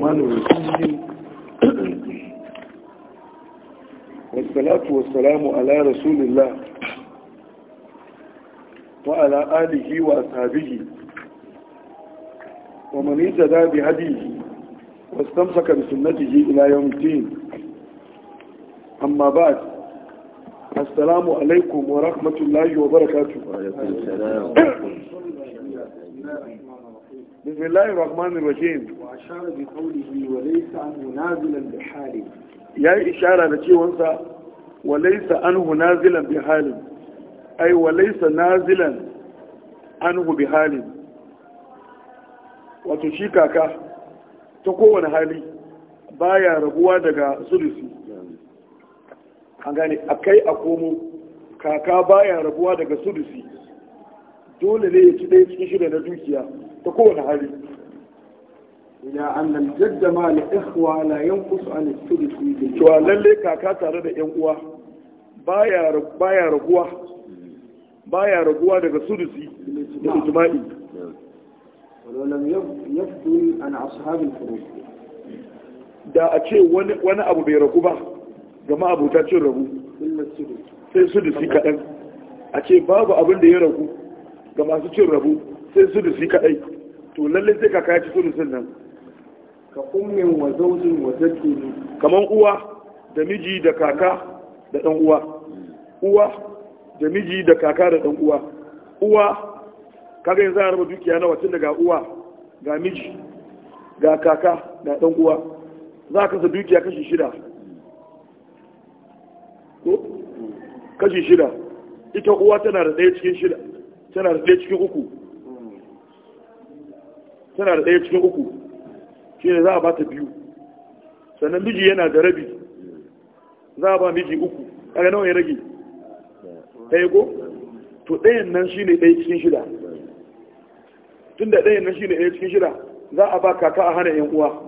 wasu ala rasulillah wa ala alihi wa sabihi wa manita da bi hadihi wa stamsaka bi sunnatihi ila yawmitin amma ba assalamu alaikum wa rahmatullahi wa barakatuhu بسم الله الرحمن الرحيم وأشار بقوله وليس عنه نازلا بحال يا إشارة لكي وانسى وليس عنه نازلا بحال أي وليس نازلا عنه بحال وتشيكك تكون حالي بايا ربوا daga سلسي an gane akai a komo kaka baya rabuwa daga sulusi dole ne ya ci ɗaya cikin ta kowane hali ila annal jadda ma al ikhwa la yanqusu an thuluthi bil cewa lalle kaka tare da yan uwa baya baya raguwa baya raguwa daga sulusi da ijma'i walau lam yafdul an ashab al furud da a ce wani wani abu bai ragu ba gama abota cin ragu sai sulusi kadan a ce babu abin da ya ragu ga masu cin ragu sai sulusi kadai to lalle sai kaka ya ci nan ka ummin wa zaujin wa zakini kaman uwa da miji da kaka da dan uwa uwa da miji da kaka da dan uwa uwa kaga yanzu a raba dukiya na wacin daga uwa ga miji ga kaka da dan uwa za ka sa dukiya kashi shida ko kashi shida ita uwa tana da ɗaya cikin shida tana da ɗaya cikin uku tana da ɗaya cikin uku shi ne za a ba ta biyu sannan miji yana da rabi za a ba miji uku ga nawa ya rage ɗaya ko to ɗayan nan shi ne ɗaya cikin shida tun da ɗayan nan shi ne ɗaya cikin shida za a ba kaka a hana 'yan uwa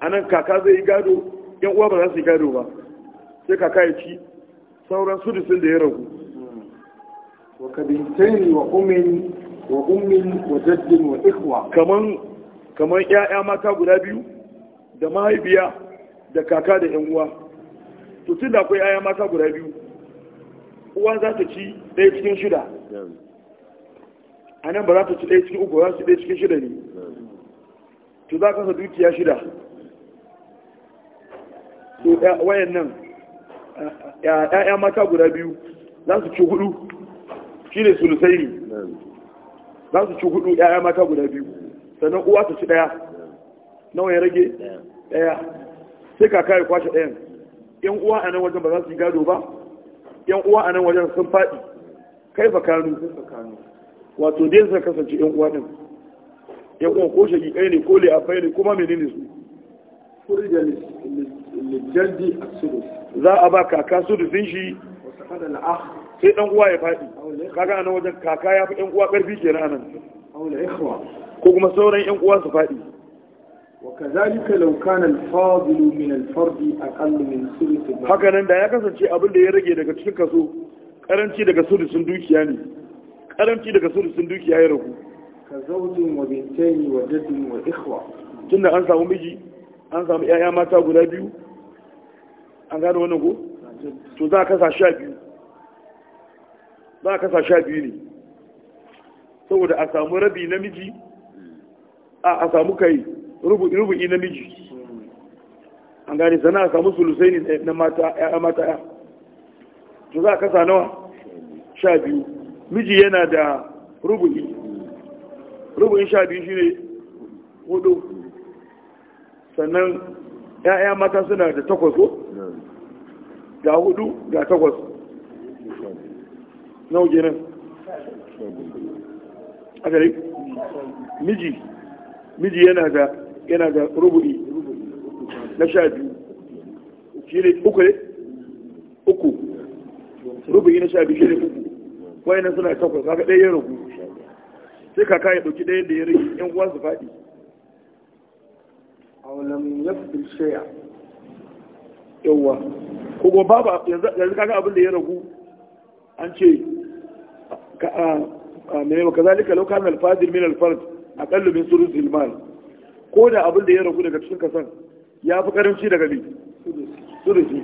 a nan kaka zai yi gado 'yan uwa ba za su yi gado ba sai kaka ya ci sauran sudusin da ya ragu wa kabintai wa umin wa ummin wa jaddin wa ikhwa kaman kaman ƴaƴa mata guda biyu da mahaifiya da kaka da ƴan uwa to tun da akwai ƴaƴa mata guda biyu uwa za ta ci ɗaya cikin shida a nan ba za ta ci ɗaya cikin uku za ta ci ɗaya cikin shida ne to za ka sa dukiya shida to wayan nan ƴaƴa mata guda biyu za su ci hudu shi ne sulusai ne za su ci hudu ɗaya mata guda biyu sannan uwa su ci ɗaya nawa ya rage ɗaya sai kaka ya kwashe ɗayan yan uwa a nan wajen ba za su yi gado ba yan uwa a nan wajen sun faɗi kai fa kanu wato dai suka kasance yan uwa ɗin. yan uwa ko ɗaya ne ko li'afai ne kuma menene su a za a ba kaka su da shi sai dan uwa ya faɗi kaga anan wajen kaka ya fi ɗan uwa ƙarfi kenan anan ko kuma sauran 'yan uwa su faɗi وكذلك لو كان الفاضل من الفرد اقل من ثلث المال haka nan da ya kasance abin da ya rage daga cikin kaso karanci daga sulusun dukiya ne karanci daga sulusun dukiya ya ragu ka wa bintaini wa jaddin wa ikhwa tunda an samu miji an samu yaya mata guda biyu an gano wannan ko to za ka kasa sha biyu za a kasa sha biyu ne saboda a samu rabi namiji a samu kai rubu'i namiji an gane sana a samu sulusai ne na mata ya to za a kasa nawa sha biyu miji yana da rubu'i rubu'in sha biyu shi ne hudu sannan ya'ya mata suna da takwaso ko ga hudu ga takwaso nawa a miji miji yana ga yana na sha biyu uku ne na sha biyu uku wayannan suna takwas haka ɗaya ya rubu sai kaka ya ɗauki ɗayan da ya rage yan su faɗi a ya fi yawwa babu yanzu kaga abin da ya ragu an ce mai wa kazalika lau kana alfajir min alfard a min sulus almal ko da abin da ya ragu daga cikin kasan ya fi karanci daga bi sulusi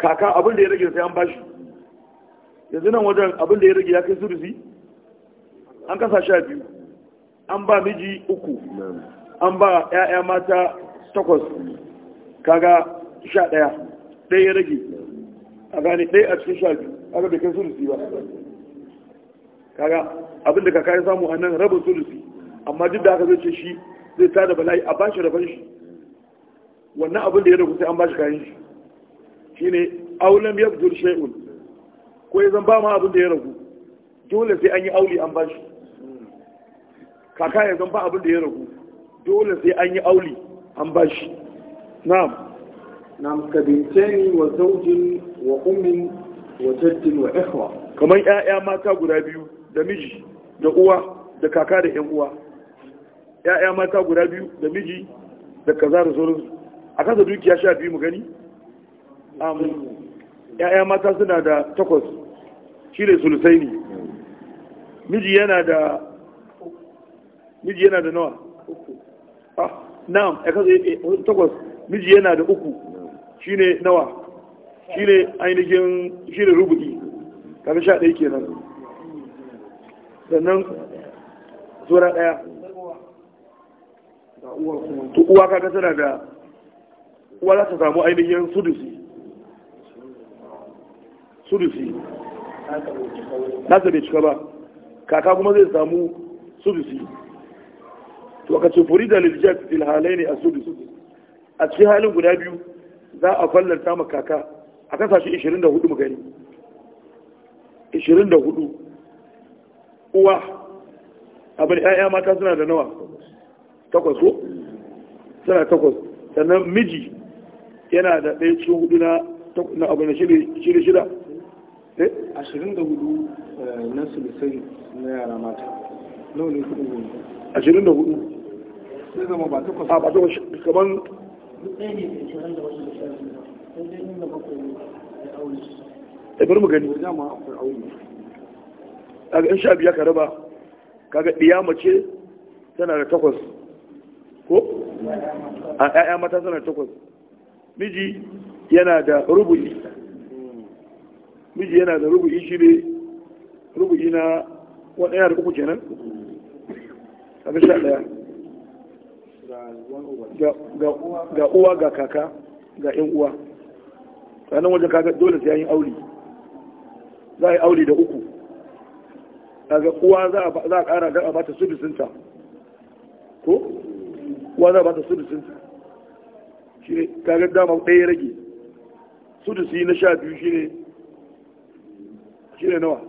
kaka abin da ya rage sai an bashi yanzu nan wajen abin da ya rage ya kai sulusi an kasa sha biyu an ba miji uku an ba 'ya'ya mata takwas kaga sha ɗaya ɗaya ya rage a gane ɗaya a cikin sha biyu aka bai kai sulusi ba kaga abinda kaka ya samu a nan rabin sulusi amma duk da haka zai ce shi zai ta da bala'i a bashi rabon shi wannan abin da ya rabu sai an bashi kayan shi shine aulam yabdul shay'un ko ya zan ba ma abin da ya ragu dole sai an yi auli an bashi kaka ya zan ba abin da ya ragu dole sai an yi auli an bashi na'am wa ummin wa jaddin wa ikhwa kamar ƴaƴa mata guda biyu. da miji da uwa da kaka da yan uwa ya'ya mata guda biyu da miji da kaza da sauransu a kasa dukiya sha biyu mu gani ya'ya mata suna da takwas shi ne sulusai ne miji yana da miji yana da nawa ah na'am a kasa eh, eh, takwas miji yana da uku shi ne nawa shi ne ainihin shi ne rubu'i kaga sha ɗaya kenan sannan sura ɗaya uwa kaga tana da uwa za ta samu ainihin sudusi sudusi nasa bai cika ba kaka kuma zai samu sudusi to ka ce furi da liljat filhalai ne a sudusi a cikin halin guda biyu za a fallanta ma kaka a kasashe 24 mu gani 24 uwa abin ‘ya'ya mata suna da nawa takwas ko? suna takwas sannan miji yana da ɗaya cikin hudu na abin da shida shida eh? ashirin da hudu eh, na sulisai na yara mata nawa ne kudin gumi ashirin da hudu sai zama ba takwas a ba takwas kaman ɗaya ne da da eh, mu gani kaga in sha biya ka raba kaga ɗiya mace tana da takwas ko a ƴaƴa mata tana da takwas miji yana da rubu'i miji yana da rubu'i shi ne rubu'i na wani yana da uku kenan kaga sha ɗaya ga uwa ga kaka ga yan uwa sannan wajen kaga dole sai yayin yi aure za a yi aure da uku daga uwa za a kara don a bata sudusinta ko uwa za a bata sudusinta shi ne kagar dama ɗaya rage sudusi na sha biyu shi ne shi ne nawa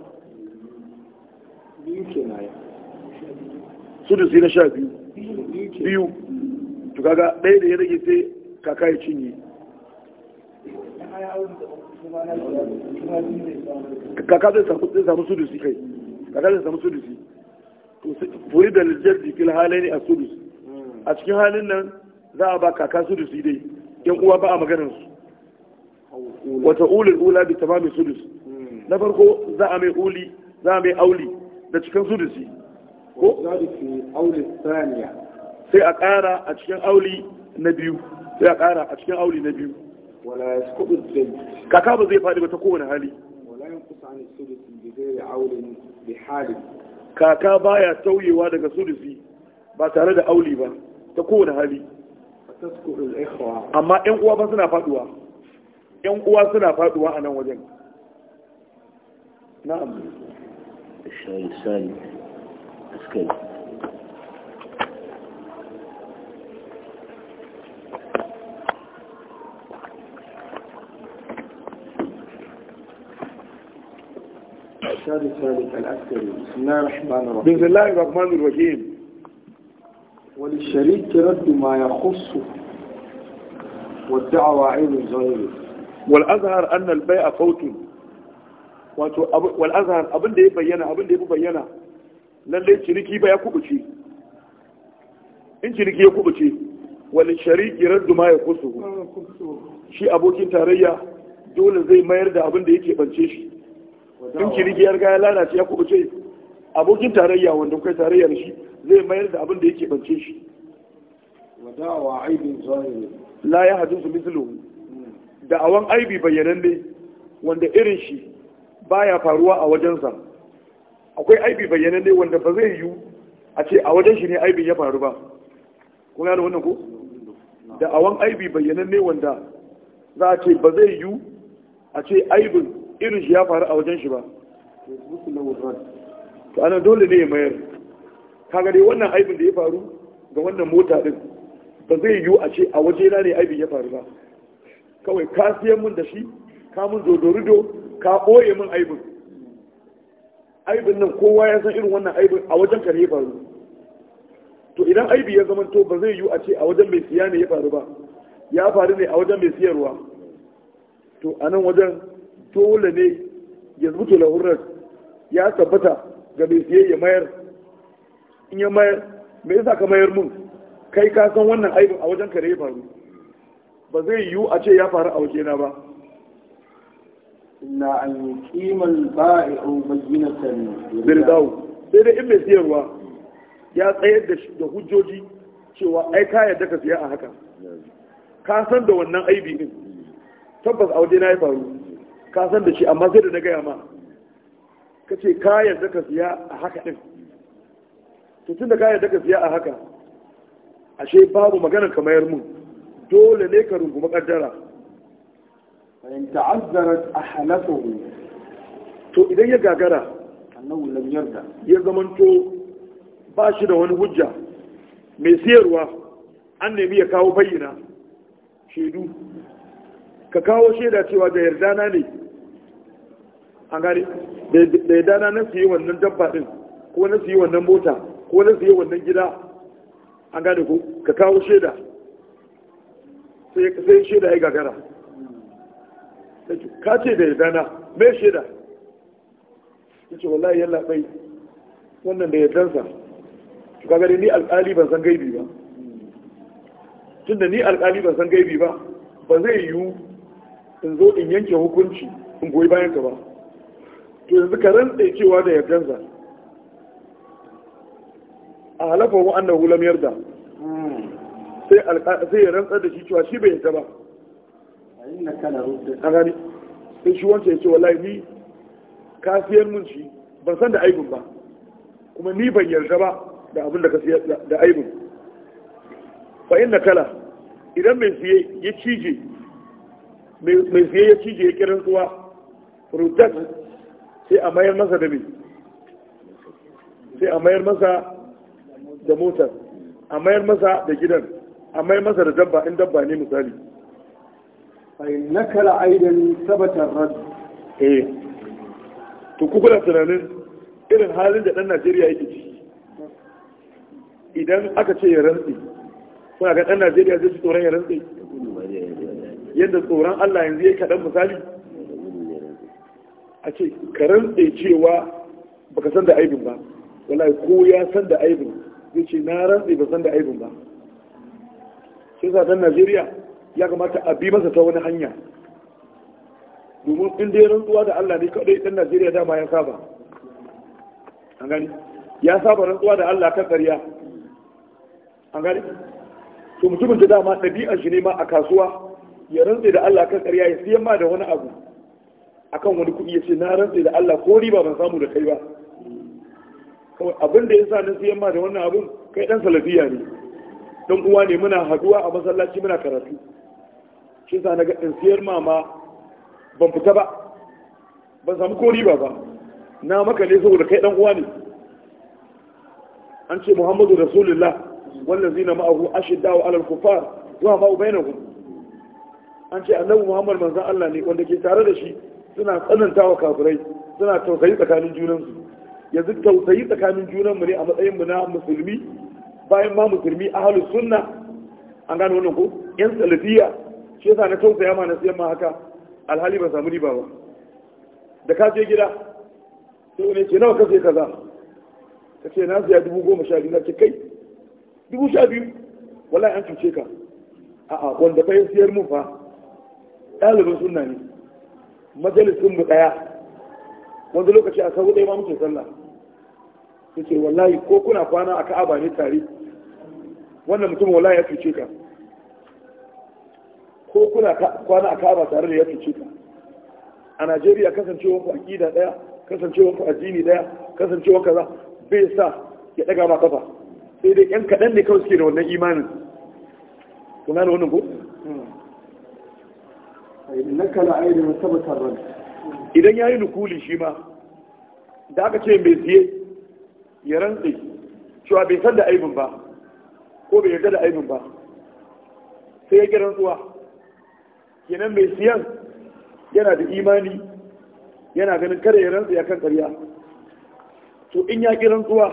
sudusi na sha biyu biyu to kaga ɗaya da ya rage sai kaka ya cinye kaka zai samu sudusi kai da kada samu sudusi furi da lijaddi fil ne a sudus a cikin halin nan za a ba kaka sudusi dai yan uwa ba a maganar su wata ulil ula bi tamamin sudus hmm. na farko za a mai uli za a mai auli da cikin sudusi ko sai a kara a cikin auli na biyu sai a ƙara a cikin auli na biyu kaka ba zai faɗi ba ta kowane hali Wala bihalin kaka baya tauyewa daga sulusi ba tare da auli ba ta kowane hali amma yan uwa ba suna faduwa yan uwa suna faduwa a nan wajen na'am shayi shayi askari الإرشاد الثالث الأكثر بسم الله الرحمن الرحيم بسم الله الرحمن الرحيم وللشريك رد ما يخصه والدعوة عين غيره والأظهر أن البيع فوت والأظهر أبن دي بيانا أبن دي بيانا لن شريكي بيع كبشي إن شريكي يكبشي وللشريك رد ما يخصه شي أبوكي تاريا دول زي ما يرد أبن دي yake don ciniki gaya riga ya lalace ya kubuce abokin tarayya wanda kai tarayyar shi zai mayar da abin da yake bance shi wadawa aibin zahiri la ya su mislu awan aibi bayanan ne wanda irin shi baya faruwa a wajensa akwai aibi bayanan ne wanda ba zai yiwu a ce a wajen shi ne aibi ya faru ba kun gane wannan ko awan aibi bayanan ne wanda za a ce ba zai yiwu a ce aibin irin shi ya faru a wajen shi ba to ana dole ne ya mayar kaga dai wannan aibin da ya faru ga wannan mota din ba zai yiwu a ce a waje na ne aibin ya faru ba kawai ka siyan mun da shi ka mun dodorido ka ɓoye mun aibin aibin nan kowa ya san irin wannan aibin a wajen ka ne ya faru to idan aibi ya zama to ba zai yiwu a ce a wajen mai siya ne ya faru ba ya faru ne a wajen mai siyarwa to a nan wajen to wula ne ya zubuto lahurar ya tabbata ga mai siye ya mayar in ya mayar me yasa ka mayar mun kai ka san wannan aibin a wajen kare ya faru ba zai yiwu a ce ya faru a wajena ba na an yi kimar ba'i'u bayyinatan birdawu sai dai in mai siyarwa ya tsayar da hujjoji cewa ai ka yadda ka siya a haka ka san da wannan aibi din tabbas a wajena ya faru ka san da shi amma sai da na gaya ma ka ce ka yarda ka siya a haka ɗin to da ka yarda ka siya a haka ashe babu maganar ka mayar mun dole ne ka rungumi kaddara in ta'azzarat ahalatuhu to idan ya gagara annahu lam yarda ya zamanto ba shi da wani hujja mai siyarwa an nemi ya kawo bayyana shaidu ka kawo shaida cewa da yardana ne an gari da ya dana na yi wannan dabba din ko na su yi wannan mota ko na su yi wannan gida an gane ku? ka kawo shaida sai shaida ya gagara ka ce da ya dana mai shaida ya ce wallahi yalla bai wannan da ya dansa ka gani ni alƙali ban san gaibi ba tun da ni alƙali ban san gaibi ba ba zai yiwu in zo in yanke hukunci in goyi bayan ka ba to yanzu ka rantse cewa da yardansa a halafa wa annan lam yarda sai ya rantsar da shi cewa shi bai yarda ba a gani sai shi wancan ya ce wallahi ni ka siyar mun shi ban san da aibin ba kuma ni ban yarda ba da abin da ka siyar da aibin fa inna kala idan mai siye ya cije mai siye ya cije ya kiran tsuwa ruddat sai a mayar masa da mai sai a mayar masa da motar a mayar masa da gidan a mayar masa da dabba in dabba ne misali ai nakala aidan sabatar rad eh to ku kula tunanin irin halin da dan Najeriya yake ciki idan aka ce ya rantsi kuna ga dan Najeriya zai tsoron ya rantsi yadda tsoron Allah yanzu ya kaɗan misali a ce ka da cewa baka san da aibin ba wallahi ko ya san da aibin zai ce na rantse ba san da aibin ba sai sa dan Najeriya ya kamata a bi masa ta wani hanya domin in dai rantsuwa da Allah ne kadai dan Najeriya dama ya saba an gani ya saba rantsuwa da Allah kan ƙarya an gani to mutumin da dama ɗabi'ar shi ne ma a kasuwa ya rantsi da Allah kan ƙarya ya siyan ma da wani abu akan wani kuɗi ya ce na rantse da Allah ko riba ban samu da kai ba kawai abin da ya sa na siyan ma da wannan abin kai dan salafiya ne dan uwa ne muna haduwa a masallaci muna karatu shi sa naga ga in siyar ma ma ban fita ba ban samu ko riba ba na maka ne saboda kai dan uwa ne an ce muhammadu rasulullah wannan zina ma'ahu ashidda wa alal kufar wa ma'u bainahum an ce annabi muhammad manzon Allah ne wanda ke tare da shi suna tsananta wa kafirai suna tausayi tsakanin junansu yanzu tausayi tsakanin junanmu ne a matsayinmu na musulmi bayan ma musulmi ahalu sunna an gano wannan ko yan salafiya shi yasa na tausaya ma na siyan ma haka alhali ba samu riba ba da ka je gida sai wani ce nawa ka sai kaza ka ce na siya dubu goma sha biyu na ce kai dubu sha biyu wallahi an cuce ka a'a wanda fa sayar siyar mun fa Ɗaliban sunna ne majalisun mu daya wanda lokaci a sabu ɗaya ma muke sallah ce wallahi ko kuna kwana a ka'aba ne tare wannan mutum wallahi ya cuce ka ko kuna kwana a ka'aba tare da ya cuce ka a Najeriya kasancewa ku aƙida ɗaya kasancewa ku addini daya kasancewar kaza bai sa ya ɗaga ma kafa sai dai yan kaɗan ne kawai suke da wannan imanin kuna da wannan ko hmm. idan ya yi nukuli shi ma da aka ce mai siye ya rantsi cewa bai san da aibin ba ko bai yarda da aibin ba sai ya kira tsuwa kenan mai siyan yana da imani yana ganin kada ya rantsi a kan karya to in ya kira tsuwa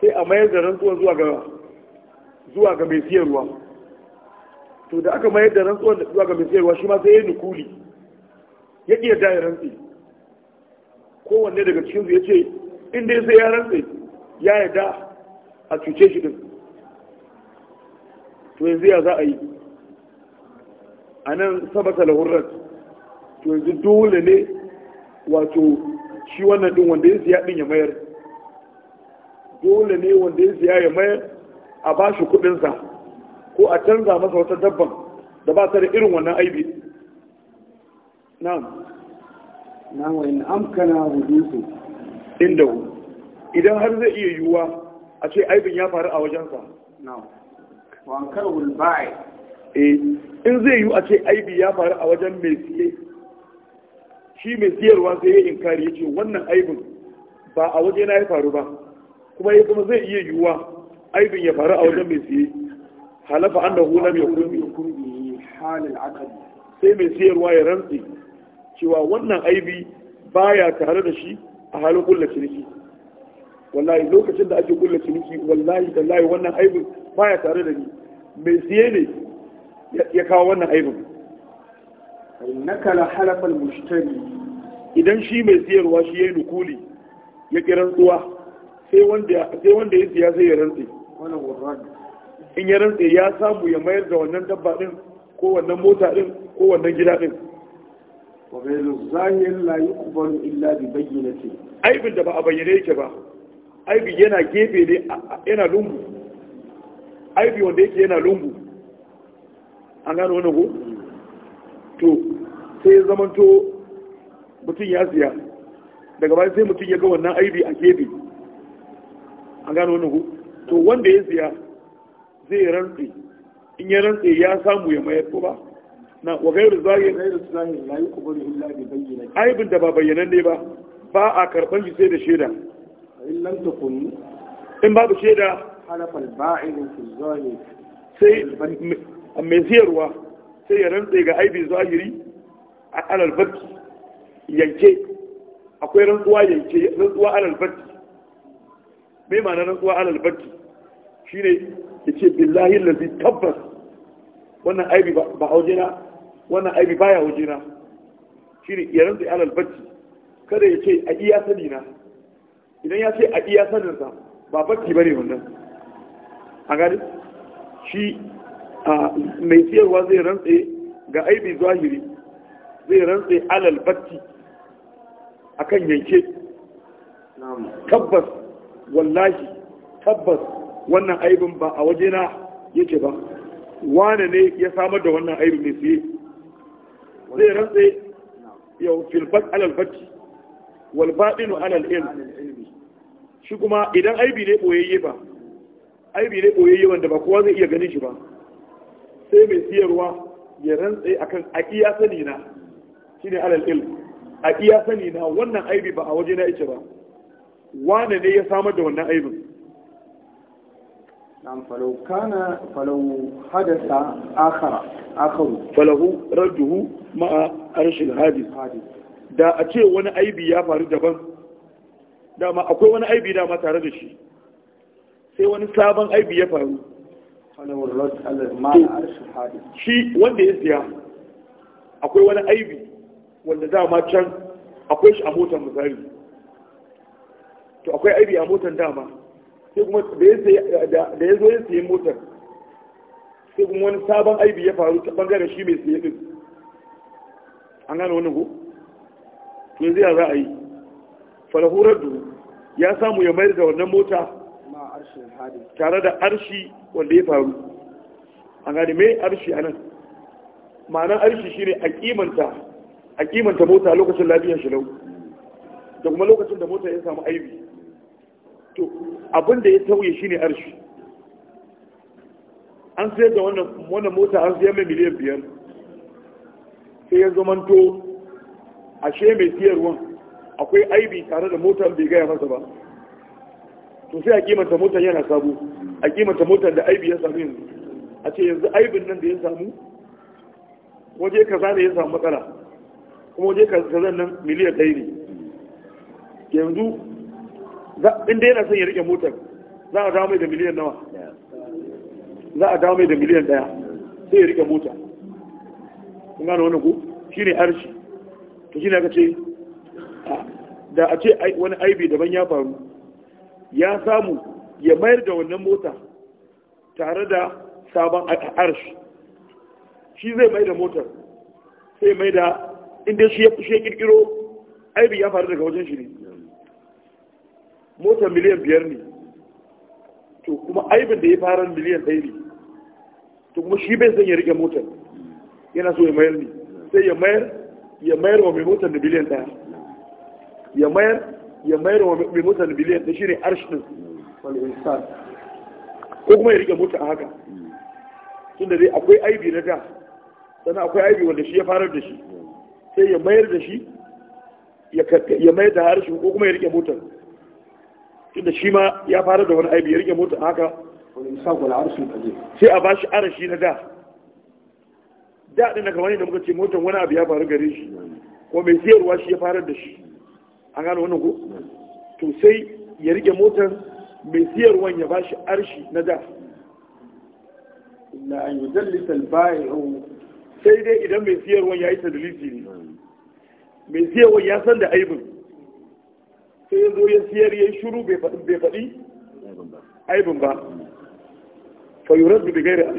sai a mayar da rantsuwa zuwa ga mai siyarwa to da aka mayar da rantsuwan da zuwa ga mai tsayarwa shi ma sai ya nukuli ya iya da yi rantsi kowanne daga cikin su ya ce inda ya sai ya rantsi ya da a cuce shi din to yanzu ya za a yi a nan sabata lahurrar to yanzu dole ne wato shi wannan din wanda ya siya din ya mayar dole ne wanda ya siya ya mayar a ba shi kudinsa ko a canza masa wata dabban da ba ta da irin wannan aibi na'am na wani na amkana hudusu inda hu idan har zai iya yiwuwa a ce aibin ya faru a wajensa na'am wa an karhul E, eh in zai yiwu a ce aibi ya faru a wajen mai siye shi mai siyarwa sai ya inkari ya ce wannan aibin ba a waje na ya faru ba kuma ya kuma zai iya yiwuwa aibin ya faru a wajen mai siye halafa annahu lam yakun bi halil aqd sai mai siyarwa ya rantsi cewa wannan aibi baya tare da shi a halin kullu ciniki wallahi lokacin da ake kullu ciniki wallahi tallahi wannan aibin baya tare da ni mai siye ne ya kawo wannan aibin innaka la halafa mushtari idan shi mai siyarwa shi ya yi nukuli ya kiran tsuwa sai wanda ya siya sai ya rantsi wannan warrad in ya rantse ya samu ya mayar da wannan dabba din ko wannan mota din ko wannan gida din wa ghayru zahir la yuqbalu illa bi bayyinati aibin da ba a bayyane yake ba aibi yana gefe ne yana lungu aibi wanda yake yana lungu an gano wannan ko to sai zamanto mutum ya siya daga bayan sai mutum ya ga wannan aibi a gefe an gano wannan ko to wanda ya siya zai rantse in ya rantse ya samu ya mayar ko ba na wa gairu zahir gairu zahir la yuqbalu illa bi bayyinah aibin da ba bayyanan ne ba ba a karban shi sai da shaida in lam takun in babu shaida halafa al-ba'in fi zahir sai mai siyarwa sai ya rantse ga aibi zahiri a alal barki yanke akwai rantsuwa yanke rantsuwa alal barki me ma'anar rantsuwa alal barki shine ya ce billahi lalzi tabbas wannan aibi ba a wajena wannan aibi ya haujina shi ne ya rantsa alal bacci kada ya ce a iya sani na idan ya ce a iya saninsa ba bacci ba ne wannan a gani shi mai siyarwa zai rantse ga aibi zahiri zai rantse alal bacci akan yanke tabbas wallahi tabbas wannan aibin ba a wajena yake ba wane ne ya samar da wannan aibin mai siye zai rantse yau filfat alal fakki wal baɗinu alal ilmi shi kuma idan aibi ne ɓoyayye ba aibi ne ɓoyayye wanda ba kowa zai iya ganin shi ba sai mai siyarwa ya rantse akan aƙiya sani na shine alal ilmi aƙiya sani na wannan aibi ba a wajena yake ba wane ne ya samar da wannan aibin نعم فلو كان فلو حدث آخر آخر فله رده مع da a ce wani aibi ya faru daban dama akwai wani aibi dama tare da shi sai wani sabon aibi ya faru shi wanda ya siya akwai wani aibi wanda dama can akwai shi a motar misali to akwai aibi a motar dama sai kuma da ya zo ya sayi motar sai kuma wani sabon aibi ya faru ta bangaren shi mai sayi din an gane wani ko to yanzu ya za a yi falahurar duhu ya samu ya mayar da wannan mota tare da arshi wanda ya faru an gane mai arshi a nan ma'anar arshi shine a kimanta a kimanta mota lokacin lafiyar shi lau da kuma lokacin da mota ya samu aibi to abin da ya tauye shine arshi an sayar da wannan mota an sayar mai miliyan biyar sai ya zamanto ashe mai siyarwan akwai aibi tare da motar bai gaya masa ba to sai a kimanta motar yana sabo a kimanta motar da aibi ya samu yanzu a ce yanzu aibin nan da ya samu waje kaza ne ya samu matsala kuma waje kaza nan miliyan ɗaya ne yanzu inda yana son ya rike motar za a dawo mai da miliyan nawa za a dawo mai da miliyan daya sai ya rike mota kun gano wani ku shi ne arshi to shi ne aka ce da a ce wani aibi daban ya faru ya samu ya mayar da wannan mota tare da sabon arshi shi zai mai da motar sai mai da inda shi ya kirkiro aibi ya faru daga wajen shi ne mota miliyan biyar ne to kuma aibin da ya fara miliyan ɗaya ne to kuma shi bai san ya rike motar yana so ya mayar ne sai ya mayar ya mayar wa mai motar da biliyan ɗaya ya mayar ya mayar wa mai motar da biliyan ɗaya shine arshin ko kuma ya rike mota a haka da dai akwai aibi na da sannan akwai aibi wanda shi ya farar da shi sai ya mayar da shi ya mayar da harshen ko kuma ya rike motar tunda shi ma ya fara da wani aibi ya rike mota haka sai a ba shi arashi na da da na kamar yadda da muka ce motan wani abu ya faru gare shi ko mai siyarwa shi ya fara da shi an gano wannan ko to sai ya rike motan mai siyarwan ya ba shi arshi na da na an yudallisa al bayan sai dai idan mai siyarwan ya yi tadlisi ne mai siyarwan ya san da aibin sai ya zo ya siyar ya yi shuru bai faɗi aibin ba fayurar da gaira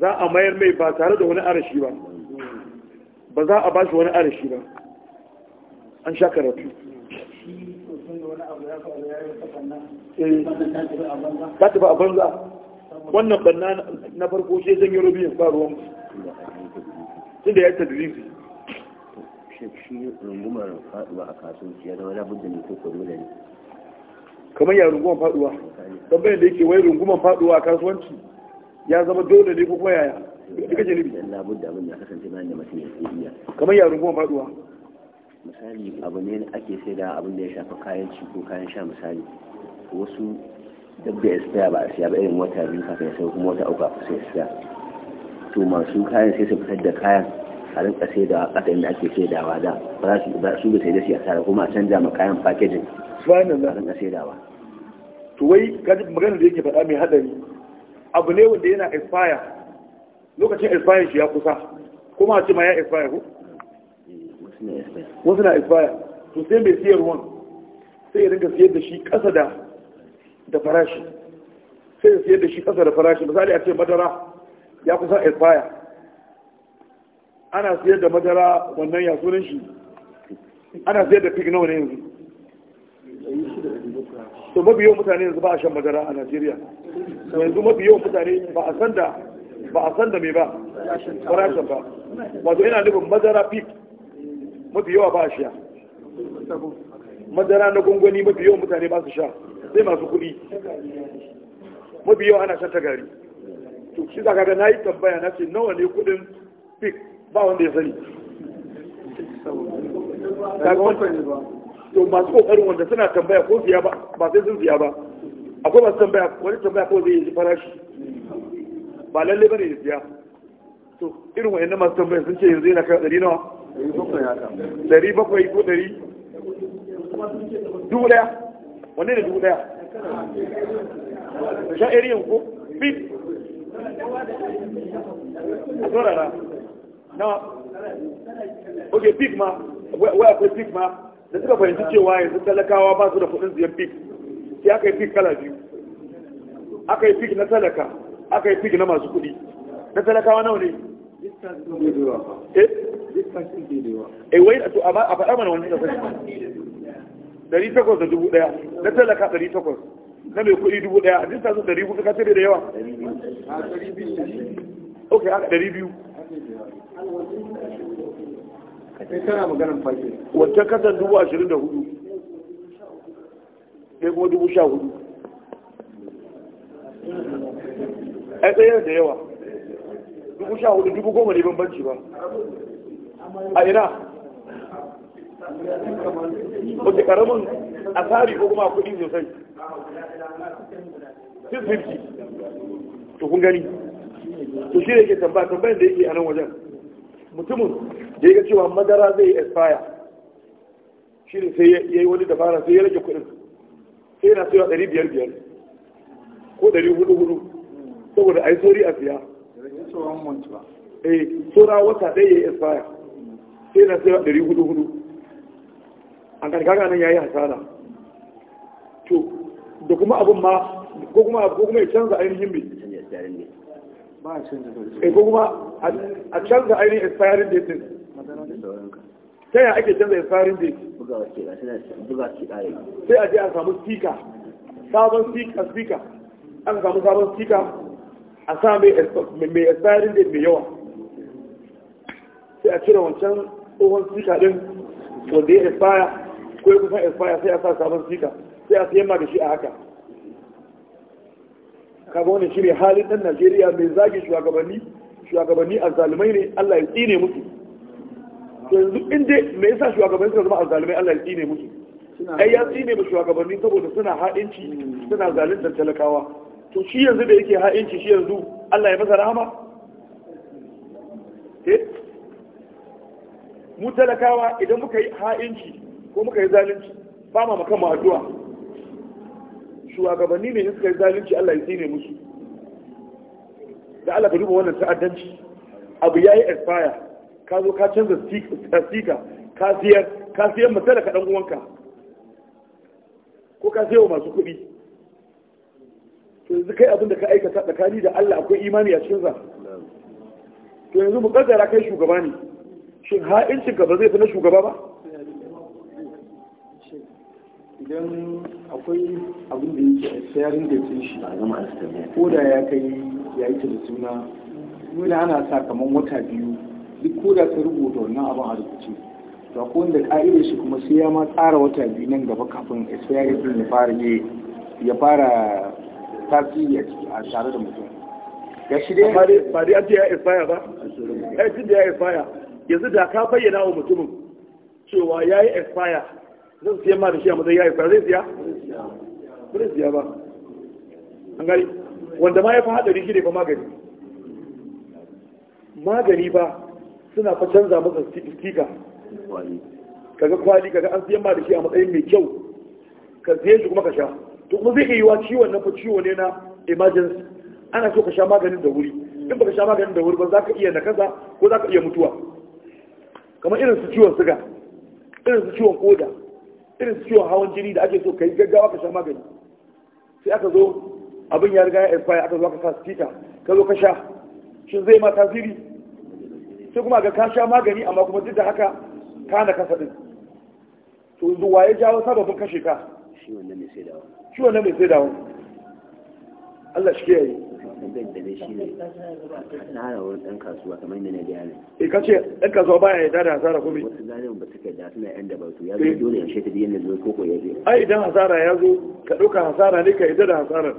za a mayar mai ba tare da wani arashi ba ba za a ba shi wani arashi ba an sha karatu eh, ta ba a banza wannan banna na farko shi yi rubiyan ba ruwan tun da ya yi tadrisi shi rungumar faduwa a kasuwanci ya zama labudda ne ko kwado da ne kamar ya rungumar faduwa tambayar da yake wai rungumar faduwa a kasuwanci ya zama dole ne ko kuma yaya duka ce libi labudda abin da kasance bayan da mutum ya ke iya kamar ya rungumar faduwa misali abu ne ake sai da abin da ya shafa kayan ci ko kayan sha misali wasu dabba ya siya ba a siya ba irin wata biyu kafin ya sai kuma wata uku sai siya to masu kayan sai su fitar da kayan a rinka sai da kadan da ake sai dawa da ba su da sai da siya tare kuma canja ma kayan packaging subhanallah rinka sai dawa to wai kaji magana da yake faɗa mai hadari abu ne wanda yana expire lokacin expire shi ya kusa kuma a ce ma ya expire ko eh, wasu na expire to sai mai siyar ruwan sai ya rinka siyar da shi ƙasa da da farashi sai ya siyar da shi ƙasa da farashi misali a ce madara ya kusa expire ana siyar da madara wannan ya sunan shi ana siyar da pig nawa ne yanzu to mafi yawan mutane yanzu ba a shan madara a najeriya yanzu mafi yawan mutane ba a san da ba a san da mai ba farashin ba wato yana nufin madara pig mafi yawa ba a sha madara na gwangwani mafi yawan mutane ba su sha sai masu kuɗi mafi yawa ana shan ta gari to shi zaka ga na yi tambaya na ce nawa ne kuɗin pig. ba wanda ya sani to masu kokarin wanda suna tambaya ko siya ba ba sai sun siya ba akwai masu tambaya wani tambaya ko zai yi farashi ba lalle bane ya siya to irin wayannan masu tambaya sun ce yanzu yana kan ɗari nawa ɗari bakwai ko ɗari dubu ɗaya wanne ne dubu ɗaya sha area ko bit a tsorara nawa ok pik ma wai akwai pik ma da suka fahimci cewa yanzu talakawa ba su da kudin siyan pig. sai aka yi pik kala biyu aka yi pik na talaka aka yi pik na masu kudi na talakawa nawa ne eh, eh wai a faɗa mana wani kasar dari takwas da dubu ɗaya na talaka dari takwas na mai kuɗi dubu ɗaya a jinsa su dari hudu kasar da yawa ok dari biyu wancan kasan dubu ashirin da hudu ɗaya kuma dubu sha hudu ai tsayar da yawa dubu sha hudu dubu goma ne banbanci ba a ina wata karamin asari ko kuma kudi sosai 650 to kun gani to shi ne ke tambaya tambayar da yake a nan wajen mutumin da ya cewa madara zai expire shi ne sai ya yi wani dabara sai ya rage kuɗin sai yana sayawa ɗari biyar biyar ko ɗari hudu hudu saboda a yi sori a siya eh sora wata ɗaya ya yi expire sai yana sayawa ɗari hudu hudu a karkara nan ya yi hasara to da kuma abin ma ko kuma ko kuma ya canza ainihin bi Eh, ko kuma a canza ainihin expiring date din ta yaya ake canza expiring date sai a je a samu speaker sabon speaker an samu sabon speaker a sa mai expiring date mai yawa sai a cire wancan tsohon speaker din wanda ya expire ko ya kusan expire sai a sa sabon speaker sai a siyan ma da shi a haka kaga wannan shine halin ɗan Najeriya mai zagi shugabanni shugabanni zalimai ne Allah ya tsine musu to yanzu inda mai me yasa shugabanni suka zama a zalimai Allah ya tsine musu ai ya tsine ba shugabanni saboda suna haɗinci hmm. suna zaluntar talakawa to shi yanzu da yake haɗinci shi yanzu Allah ya masa rahama eh? mu talakawa idan muka yi haɗinci ko muka yi zalunci ba ma makan addu'a shugabanni ne in suka yi zalunci Allah ya tsine musu da Allah ka duba wannan ta'addanci abu ya yi expire ka zo ka canza sika ka siyar ka siyar masala ka dan uwanka ko ka sayo masu kuɗi to yanzu kai abin da ka aikata tsakani da Allah akwai imani a cikin sa to yanzu mu kaddara kai shugaba ne shin ha'incin ka ba zai fi na shugaba ba idan akwai abin da yake a sayarin da sun shi ko da ya kai ya yi da suna dole ana sa kamar wata biyu duk ko da ka rubuta wannan abin a rubuce to akwai wanda ka'idar shi kuma sai ya ma tsara wata biyu nan gaba kafin expiring din ya fara ya fara tasiri a tare da mutum ga shi dai ba dai an ce ya expire ba ai tun da ya expire yanzu da ka bayyana wa mutumin cewa ya yi expire zan siya ma da shi a matsayi ya isa zai siya zai siya ba an gari wanda ma ya fi haɗari shi ne fa magani magani ba suna fa canza masa stika kaga kwali kaga an siya ma da shi a matsayin mai kyau ka siya shi kuma ka sha to kuma zai yi wa ciwon na fa ciwo ne na emergency ana so ka sha maganin da wuri in baka sha maganin da wuri ba za ka iya nakasa ko za ka iya mutuwa kamar irin su ciwon suga irin su ciwon koda irin ciwon hawan jini da ake so ka yi gaggawa ka sha magani sai aka zo abin ya riga ya expire aka zo aka sa stika ka zo ka sha shi zai ma tasiri sai kuma ga ka sha magani amma kuma duk da haka ka na kasa din to yanzu waye jawo sababin kashe ka ciwon na mai dawo? Allah shi ke yi tambayar da ne shine tsara wurin ɗan kasuwa kamar yadda na gaya ne eh ka ce ɗan kasuwa baya yarda da hasara komai wasu zalimin ba suka yarda suna yan dabatu ya zo eh. dole ya shaita biyan da zo koko ya je ai idan hasara ya zo ka ɗauka hasara ne ka yarda da hasarar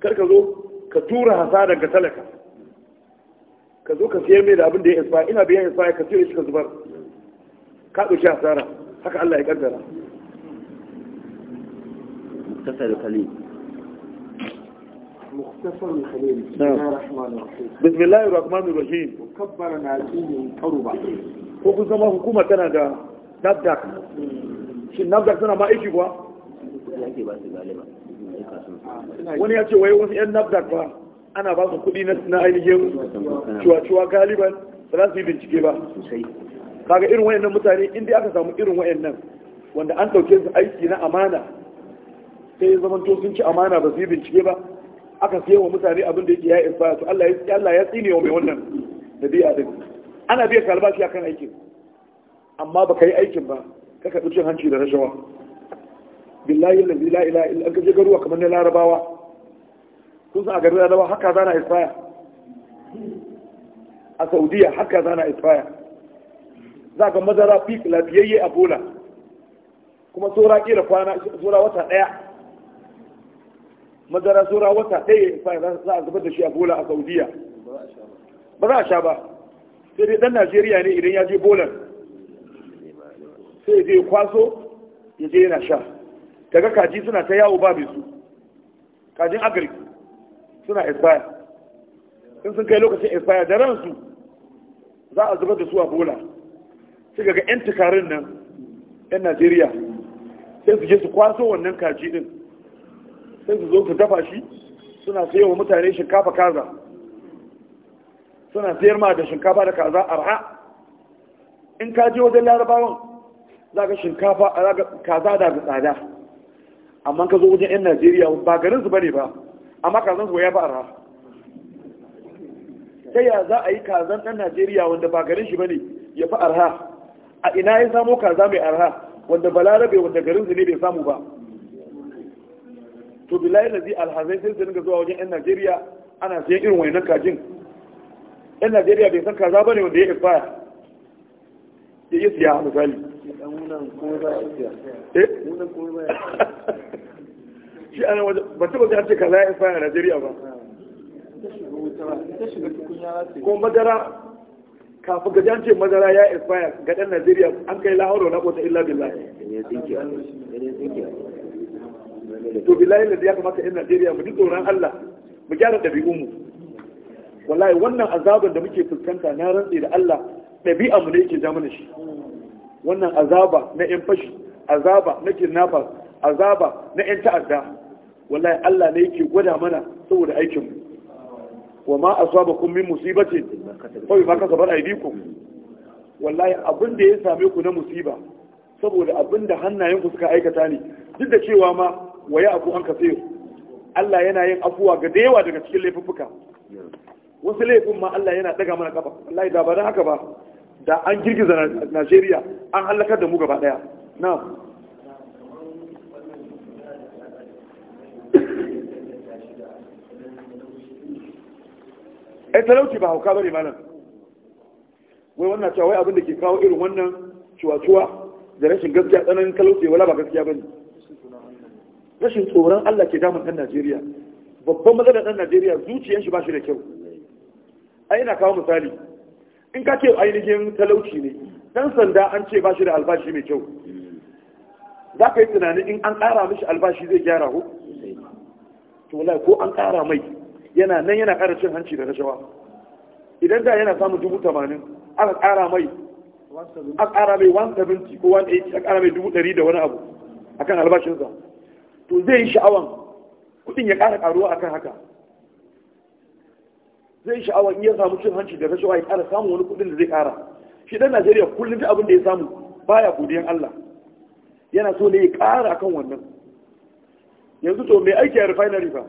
kar ka zo ka tura hasarar ga talaka ka zo ka siyar mai da abin da ya isfa ina biyan isfa ka cire shi ka zubar ka ɗauki hasara haka Allah ya kaddara tasar kalli مختصر الخليل بسم الله الرحمن الرحيم بسم الله الرحمن الرحيم وكبر نازين قربا ko kun zama hukuma tana da nafdak shi nafdak tana ma aiki kuwa wani ya ce wai wasu yan nafdak ba ana ba su kudi na ainihin cuwa-cuwa galiban ba za su yi bincike ba kaga irin wayannan mutane inda aka samu irin wayannan wanda an ɗauke su aiki na amana sai ya zama to sun ci amana ba su yi bincike ba aka siya wa mutane abin da yake ya isa to Allah ya Allah ya tsine wa mai wannan da biya din ana biya ka albashi akan aikin amma baka yi aikin ba ka ka cin hanci da rashawa billahi la ilaha illa je garuwa kamar na larabawa kun san a garin larabawa haka zana isfaya a saudiya haka zana isfaya za ga madara fik lafiyayye a bola kuma tsora kira kwana tsora wata daya madara sura wata ɗaya in fara za a zubar da shi a bola a saudiya ba za a sha ba sai dai dan najeriya ne idan ya je bolar sai dai kwaso ya je yana sha daga kaji suna ta yawo ba su kajin agri suna expire in sun kai lokacin expire da ransu za a zubar da su a bola sai ga 'yan tukarin nan 'yan najeriya sai su je su kwaso wannan kaji din sai su zo su dafa shi suna sayo mutane shinkafa kaza suna sayar ma da shinkafa da kaza arha in ka je wajen larabawan za ka shinkafa a kaza da tsada amma ka zo wajen 'yan najeriya ba garin su bane ba amma kazan su ya ba arha ta ya za a yi kazan dan najeriya wanda ba garin shi bane ya fi arha a ina ya samo kaza mai arha wanda balarabe wanda garin su ne bai samu ba to lai lazi alhazai sai dinga zuwa wajen yan najeriya ana sayan irin wani kajin yan najeriya bai san kaza bane wanda ya expire ya yi siya misali eh? shi ana wajen ba ce kaza ya expire a najeriya ba ko madara kafin ga madara ya expire ga dan najeriya an kai lahoro na kota illa billahi to billahi da ya kamata yan Najeriya mu ji tsoron Allah mu gyara ɗabi'un mu wallahi wannan azaban da muke fuskanta na rantsi da Allah ɗabi'a mu ne yake ja mana shi wannan azaba na yan fashi azaba na kidnappers azaba na yan ta'adda wallahi Allah ne yake gwada mana saboda aikin mu wa ma asabakum min musibatin fa bima kasabat aydikum wallahi abin da ya same ku na musiba saboda abin da hannayen ku suka aikata ne duk da cewa ma wa ya abu an kafir Allah yana yin afuwa ga da yawa daga cikin laifuffuka wasu laifin ma Allah yana daga mana kafa Allah da ba dan haka ba da an girgiza Najeriya an halakar da mu gaba daya na'am ai talauci ba hauka bane malam wai wannan cewa wai abin da ke kawo irin wannan cuwa-cuwa da rashin gaskiya tsananin talauci wala ba gaskiya bane rashin tsoron Allah ke damun ɗan Najeriya babban matsalar ɗan Najeriya zuciyar shi ba shi da kyau ai na kawo misali in ka ce ainihin talauci ne dan sanda an ce ba shi da albashi mai kyau za ka yi tunanin in an ƙara mishi albashi zai gyara ko to wallahi ko an ƙara mai yana nan yana ƙara cin hanci da rashawa idan da yana samun dubu tamanin aka ƙara mai aka ƙara mai 170 ko 180 aka ƙara mai dubu ɗari da wani abu akan albashinsa to zai yi sha'awan kudin ya ƙara ƙaruwa akan haka zai yi sha'awan iya samu cin hanci da rashawa ya ƙara samun wani kudin da zai ƙara shi dan Najeriya kullum duk abin da ya samu baya godiyan Allah yana so ne ya ƙara akan wannan yanzu to mai aiki a refinery ba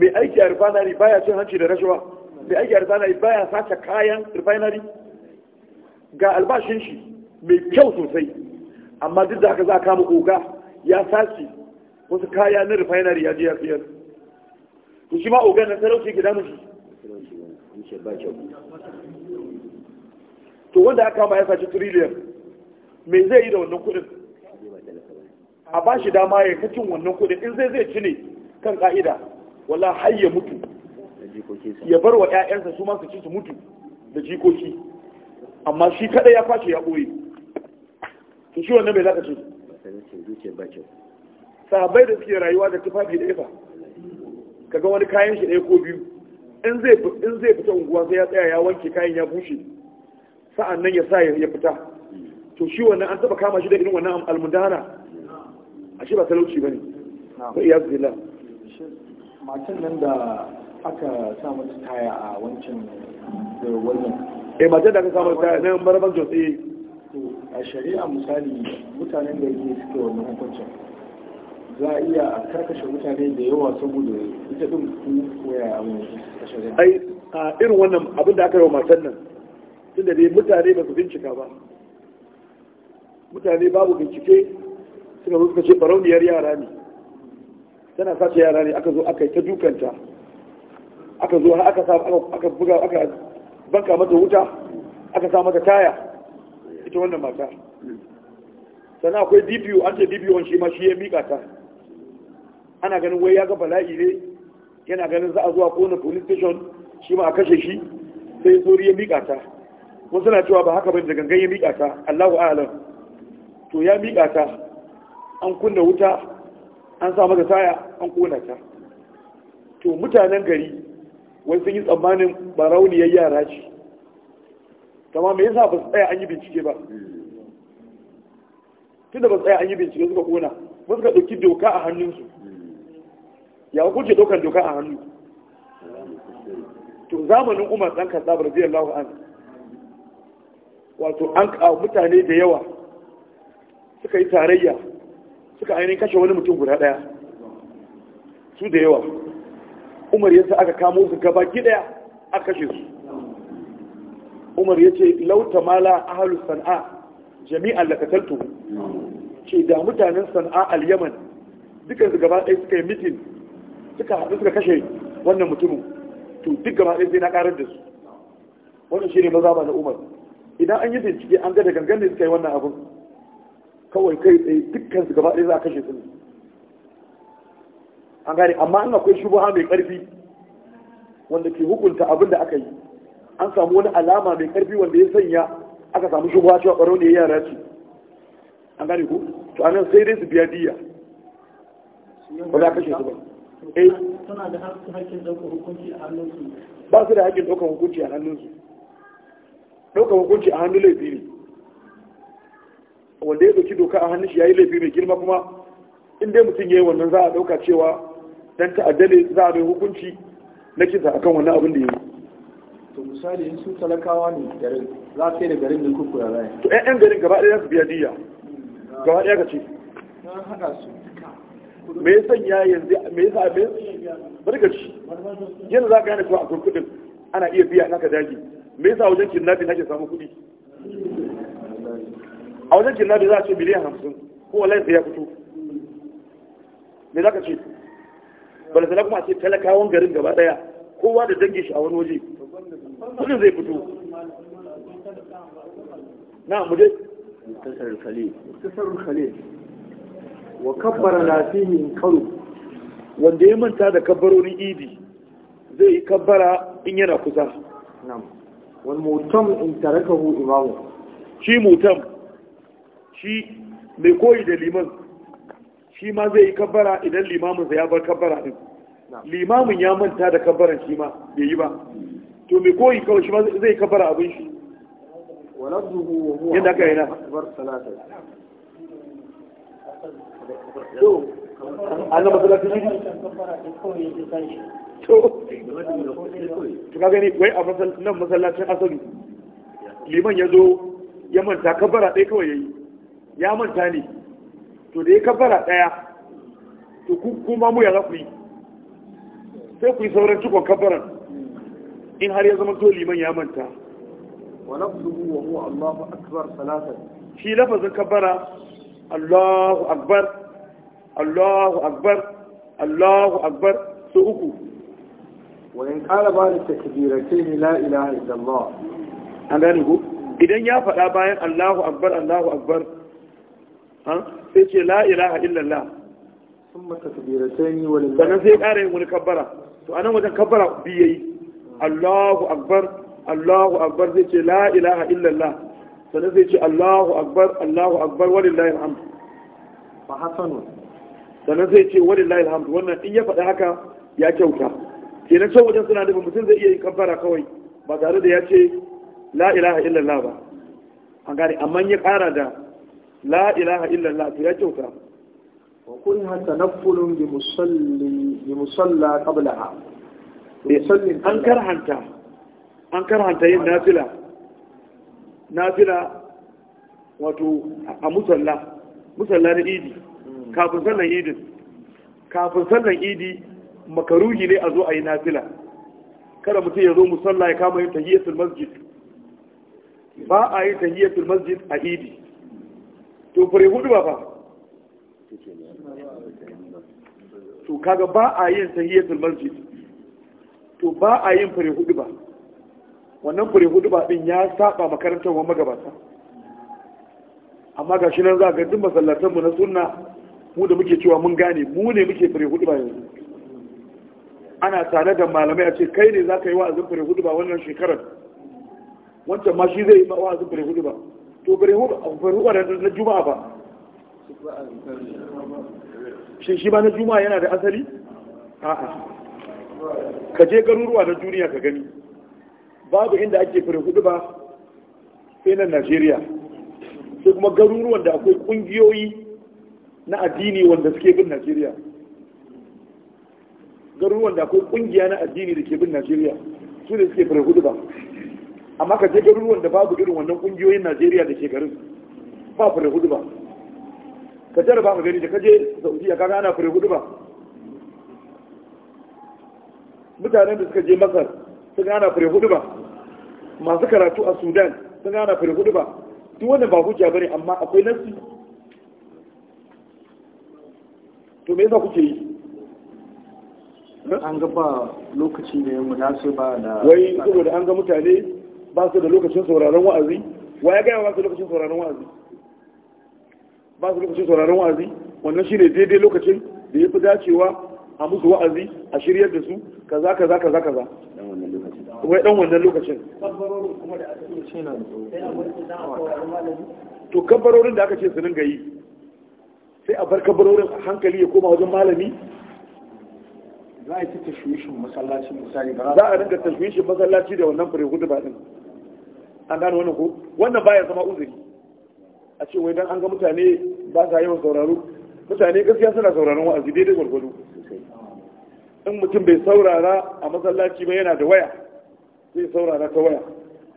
mai aiki a refinery baya cin hanci da rashawa mai aiki a refinery baya sace kayan refinery ga albashin shi mai kyau sosai amma duk da haka za a kama kuka ya sace wasu kaya na refinery ya riyaji ya siyar to shi ma ogan na sarauci gida mushi to wanda aka kama ya saci trillion me zai yi da wannan kudin a ba shi dama ya kacin wannan kudin in zai zai ci ne kan ka'ida wala har ya mutu ya bar wa 'ya'yansa su ma su ci su mutu da jikoki amma shi kada ya kwace ya ɓoye to shi wannan bai ka ce sahabbai da suke rayuwa da tufafi da ifa kaga wani kayan shi ɗaya ko biyu in zai in zai fita unguwa sai ya tsaya ya wanke kayan ya bushe sa'an nan ya sa ya fita to shi wannan an taba kama shi da irin wannan almundana shi ba talauci bane ba iya zilla matan nan da aka sa mata taya a wancan da eh, wannan eh matan da aka sa mata kaya nan maraban jose. Eh. a shari'a misali mutanen da yake suke wannan hukuncin za a iya a karkashe mutane da yawa saboda ita din ku koya a shari'a ai a irin wannan abin da aka yi wa matan nan tunda dai mutane ba su bincika ba mutane babu bincike suka zo suka ce barauniyar yara ne tana sace yara ne aka zo aka yi ta dukanta aka zo har aka buga aka banka mata wuta aka sa mata taya ita wannan mata sannan akwai dpo an ce dpo shi ma shi ya miƙa ta ana ganin wai ya ga bala'i ne yana ganin za a zuwa kona police station shi ma a kashe shi sai tsori ya miƙa ta wasu na cewa ba haka bane da gangan ya miƙa ta allahu alam to ya miƙa ta an kunna wuta an sa mata taya an kona ta to mutanen gari wani sun yi tsammanin barauniyar yara ce gama me yasa ba su tsaya an yi bincike ba tun da ba su tsaya an yi bincike suka kona ba suka ɗauki doka a hannunsu ya kuke ɗaukar doka a hannu to zamanin umar ɗan kasabar radiyallahu an wato an kawo mutane da yawa suka yi tarayya suka ainihin kashe wani mutum guda ɗaya su da yawa umar yasa aka kamo su gaba gidaya aka kashe su umar ya ce lauta mala ahalu san'a jami'an kataltu ce da mutanen san'a al-yaman dukkan su gaba ɗaya suka yi mitin suka haɗu suka kashe wannan mutumin to duk gaba ɗaya sai na ƙarar da su wannan shi ne maza ba na umar idan an yi bincike an ga da gangan ne suka yi wannan abin kawai kai tsaye dukkan su gaba ɗaya za a kashe su an gane amma an akwai shubuha mai ƙarfi wanda ke hukunta abin da aka yi an samu wani alama mai karfi wanda ya sanya aka samu shugaba cewa ɓarau ne yara ce an gane ku to anan sai dai su biya diya ba za kashe su ba eh. suna da hakkin ɗaukar hukunci a hannunsu ba su da hakkin ɗaukar hukunci a hannunsu ɗaukar hukunci a hannun laifi ne wanda ya ɗauki doka a hannun shi ya yi laifi mai girma kuma in dai mutum ya yi wannan za a ɗauka cewa dan ta'adda ne za a mai hukunci na kisa akan wannan abin da ya yi to misali in su talakawa ne garin za su yi da garin da kuku ya zai to ƴaƴan garin gaba ɗaya su biya diya gaba ɗaya ka ce me ya sanya yanzu me ya sa me barkaci yanzu za ka yana cewa akwai kuɗin ana iya biya in aka dage me yasa wajen na ke samu kuɗi a wajen kidnapping za a ce miliyan hamsin ko wallahi sai ya fito me za ka ce balantana kuma a ce talakawan garin gaba ɗaya kowa da dangin shi a wani waje kudin zai fito na mu khalil khalil wa kabbara na fihi karu wanda ya manta da kabbarorin idi zai yi kabbara in yana kusa wal mutam in tarakahu imamu shi mutam shi mai koyi da liman shi ma zai yi kabbara idan limamin ya bar kabbara din limamin ya manta da kabbaran shi ma bai yi ba to mai koyi kawai shi ma zai kafara abin shi yadda aka yi na an na shi to ka gani wai a nan masallacin asali liman ya zo ya manta kafara ɗaya kawai ya yi ya manta ne to da ya kafara ɗaya to kuma mu ya za ku yi sai ku yi sauran cikon kafaran in har ya zama to liman ya manta wa lafzuhu wa huwa Allahu akbar salatan shi lafazin kabbara Allahu akbar Allahu akbar Allahu akbar su uku wa in qala ba'da takbiratayn la ilaha illa Allah an gane ku idan ya faɗa bayan Allahu akbar Allahu akbar sai ce la ilaha illa Allah sannan sai ya ƙara yin wani kabbara to anan wajen kabbara biyayi Allahu akbar Allahu akbar zai ce la ilaha illallah sannan zai ce Allahu akbar Allahu akbar walillahi alhamd fa hasanu sannan zai ce walillahi alhamd wannan in ya faɗi haka ya kyauta kenan can wajen suna nufin mutum zai iya yin kafara kawai ba tare da ya ce la ilaha illallah ba an gane amma ya ƙara da la ilaha illallah to ya kyauta wa kun hatta nafulun bi musalla qablaha Eh, an karhanta an karhanta yin nafila nafila wato a musalla musalla na idi hmm. kafin sallan idin kafin sallan idi makaruhi ne a zo a yi nafila kada mutum ya zo musalla ya kama yin tahiyyatul masjid ba a yi tahiyyatul masjid a idi to fure hudu ba to kaga ba a yin tahiyyatul masjid to ba a yin fure hudu ba wannan fure hudu ba din ya saba makarantar wa magabata amma ga shi nan za ga duk masallatan mu na sunna mu da muke cewa mun gane mu ne muke fure hudu ba yanzu ana tare da malamai a ce kai ne za ka yi wa'azin fure hudu ba wannan shekarar wancan ma shi zai yi wa'azin fure hudu ba to fure hudu a ba na juma'a ba shi shi ba na juma'a yana da asali a'a ka je garuruwa na duniya ka gani babu inda ake fure hudu ba sai na najeriya sai kuma garuruwan da akwai kungiyoyi na addini wanda suke bin najeriya garuruwan da akwai kungiya na addini da ke bin najeriya su ne suke fure hudu ba amma ka je garuruwan da babu irin wannan kungiyoyin najeriya da ke garin ba fure hudu ba ka jarraba ka gani da ka je saudiya kaga ana fure hudu ba mutanen da suka je masar sun gana fure hudu ba masu karatu a sudan sun gana fure hudu ba duk wannan ba hujja bane amma akwai nassi to me yasa kuke yi an ga ba lokaci ne Na so ba da wai saboda an ga mutane ba su da lokacin sauraron wa'azi wa ya gaya ba su lokacin sauraron wa'azi ba su lokacin sauraron wa'azi wannan shine daidai lokacin da ya fi dacewa a musu wa'azi a shiryar da su kaza kaza kaza kaza wai dan wannan lokacin to kabbarorin da aka ce su ringa yi sai a bar kabbarorin a hankali ya koma wajen malami za a yi tashwishin masallaci misali ba za a ringa tashwishin masallaci da wannan fure hudu ba din an gano wannan ko wannan baya zama uzuri a ce wai dan an ga mutane ba sa yawan sauraro mutane gaskiya suna sauraron wa'azi daidai gwargwado in mutum bai saurara a masallaci ba yana da waya zai saurara ta waya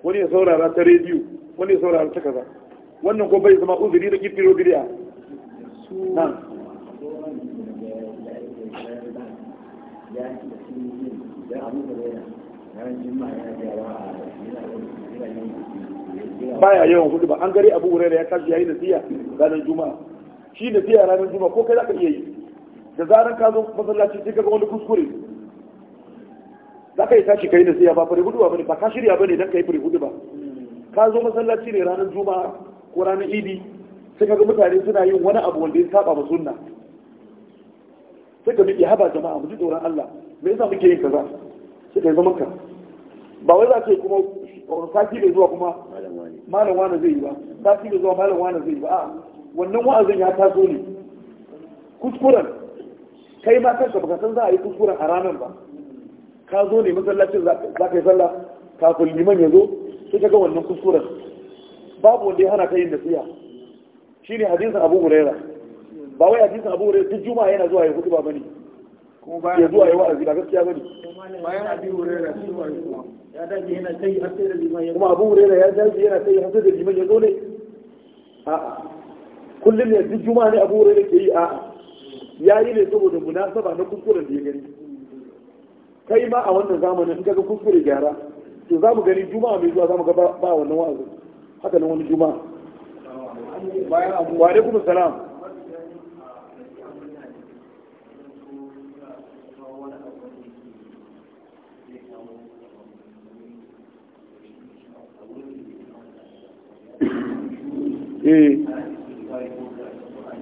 wani ya saurara ta rediyo wani ya saurara ta kaza wannan ko bai zama uzuri da kifiro bid'a baya yawan hudu ba an gari abu wurare ya kashi yayi nasiya ranar juma'a shi da biya ranar juma ko kai za ka iya yi da zarar ka zo masallaci sai ka ga wani kuskure za ka yi tashi kai da siya ba fari hudu ba ne ba ka shirya ba ne don ka yi fari hudu ba ka zo masallaci ne ranar juma ko ranar idi sai ka ga mutane suna yin wani abu wanda ya saba ma sunna sai ka miƙe haba jama'a mu ji tsoron Allah me yasa muke yin kaza sai ka yi zaman ka ba wai za ka yi kuma sati bai zuwa kuma malam wani zai yi ba sati bai zuwa malam wani zai yi ba a'a wannan wa'azin ya taso ne kuskuren kai ma kanka baka san za a yi kuskuren a ranar ba ka zo ne masallacin za ka yi sallah kafin liman ya zo sai ka ga wannan kuskuren babu wanda ya hana ka yin Shi shine hadisin Abu Hurairah ba wai hadisin Abu Hurairah duk juma'a yana zuwa ya hudu ba ne. ya zuwa ya wa'azi ba gaskiya ba bayan Abu ya dace yana kai har sai da liman ya kuma Abu Hurairah ya dace yana kai har sai da liman ya zo ne a'a kullum ne duk juma'a ne abu wurin yake yi a ya yi ne saboda munasaba na kuskuren da ya gani kai ma a wannan zamanin in kaga kuskure gyara to za mu gani juma'a mai zuwa za mu ga ba wannan wa'azi haka nan wani juma'a wa alaikum salam eh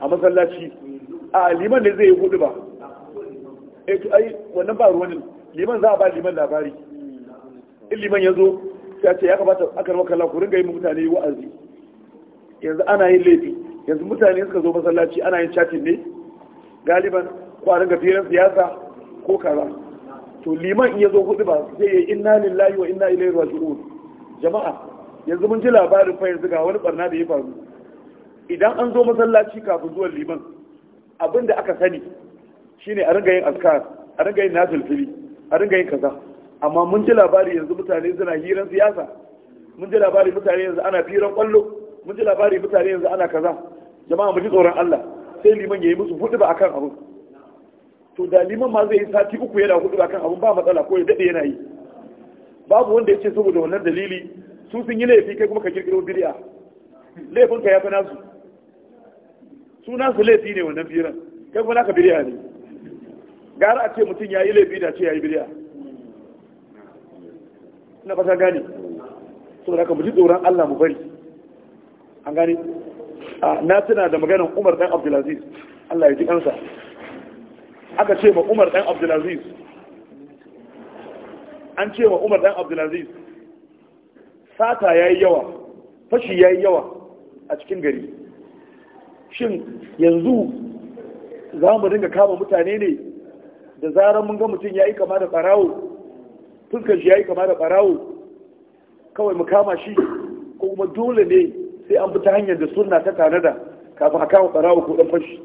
a masallaci a liman ne zai yi hudu ba eh to ai wannan ba ruwanin liman za a ba liman labari in liman ya zo sai ce ya kamata aka rawa kallon ku ringa yi mutane wa'azi yanzu ana yin laifi yanzu mutane suka zo masallaci ana yin chatin ne galiban kwarin ga firin siyasa ko kaza to liman in ya zo hudu ba zai yi inna lillahi wa inna ilaihi raji'un jama'a yanzu mun ji labarin fa yanzu ga wani barna da ya faru idan an zo masallaci kafin zuwan liman abin da aka sani shine a ringa yin askar a ringa yin nafilfili a ringa yin kaza amma mun ji labari yanzu mutane suna hiran siyasa mun ji labari mutane yanzu ana firan kwallo mun ji labari mutane yanzu ana kaza jama'a mu ji tsoron Allah sai liman ya yi musu hudu ba akan abu. to da liman ma zai yi sati uku yana hudu akan abu ba matsala ko ya dade yana yi babu wanda ya ce saboda wannan dalili su sun yi laifi kai kuma ka kirkiro bid'a laifin ka ya fi nasu suna su laifi ne wannan firan kai kuma naka biriya ne gara a ce mutum ya yi laifi da ce ya yi biriya na fata gane saboda haka mu ji tsoron Allah mu bari an A na tuna da maganar Umar dan Abdulaziz Allah ya ji kansa aka ce ma Umar dan Abdulaziz an ce ma Umar dan Abdulaziz sata ya yi yawa fashi ya yi yawa a cikin gari shin yanzu za mu dinga kama mutane ne da zarar mun ga mutum ya yi kama da farawo fuskar shi ya yi kama da barawo kawai mu kama shi ko kuma dole ne sai an fita hanyar da suna ta tanada kafin a kama farawo ko dan fashi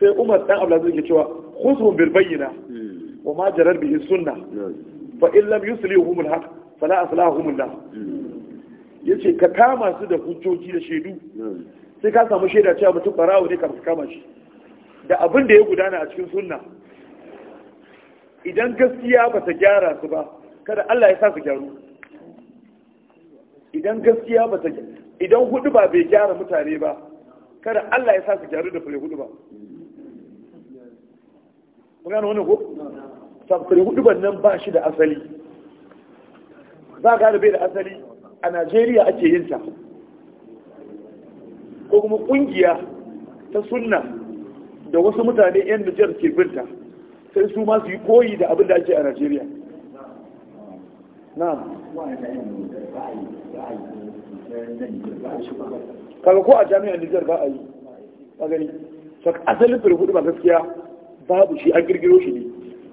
sai umar dan Abdullahi ke cewa khusu bil bayyina wa ma jarar bihi sunna hmm. fa in lam yuslihum al haqq fala aslahum na. Hmm. ya ce ka kama su da hujjoji da shaidu sai ka samu shaida cewa mutum barawo ne kafin kama shi da abin da ya gudana a cikin sunna idan gaskiya ba ta gyara su ba kada Allah ya sa su gyaru idan gaskiya ba ta idan hudu ba bai gyara mutane ba kada Allah ya sa su gyaru da fure hudu ba mun gano wannan ko sabfare hudu ban nan ba shi da asali ba ga da bai da asali a najeriya ake yin ta ko kuma kungiya ta sunna da wasu mutane 'yan nijar ke binta sai su ma su yi koyi da abin da ake a najeriya na kaga ko a jami'ar nijar ba a yi a gani saka asalin firhudu ba gaskiya babu shi an girgiro shi ne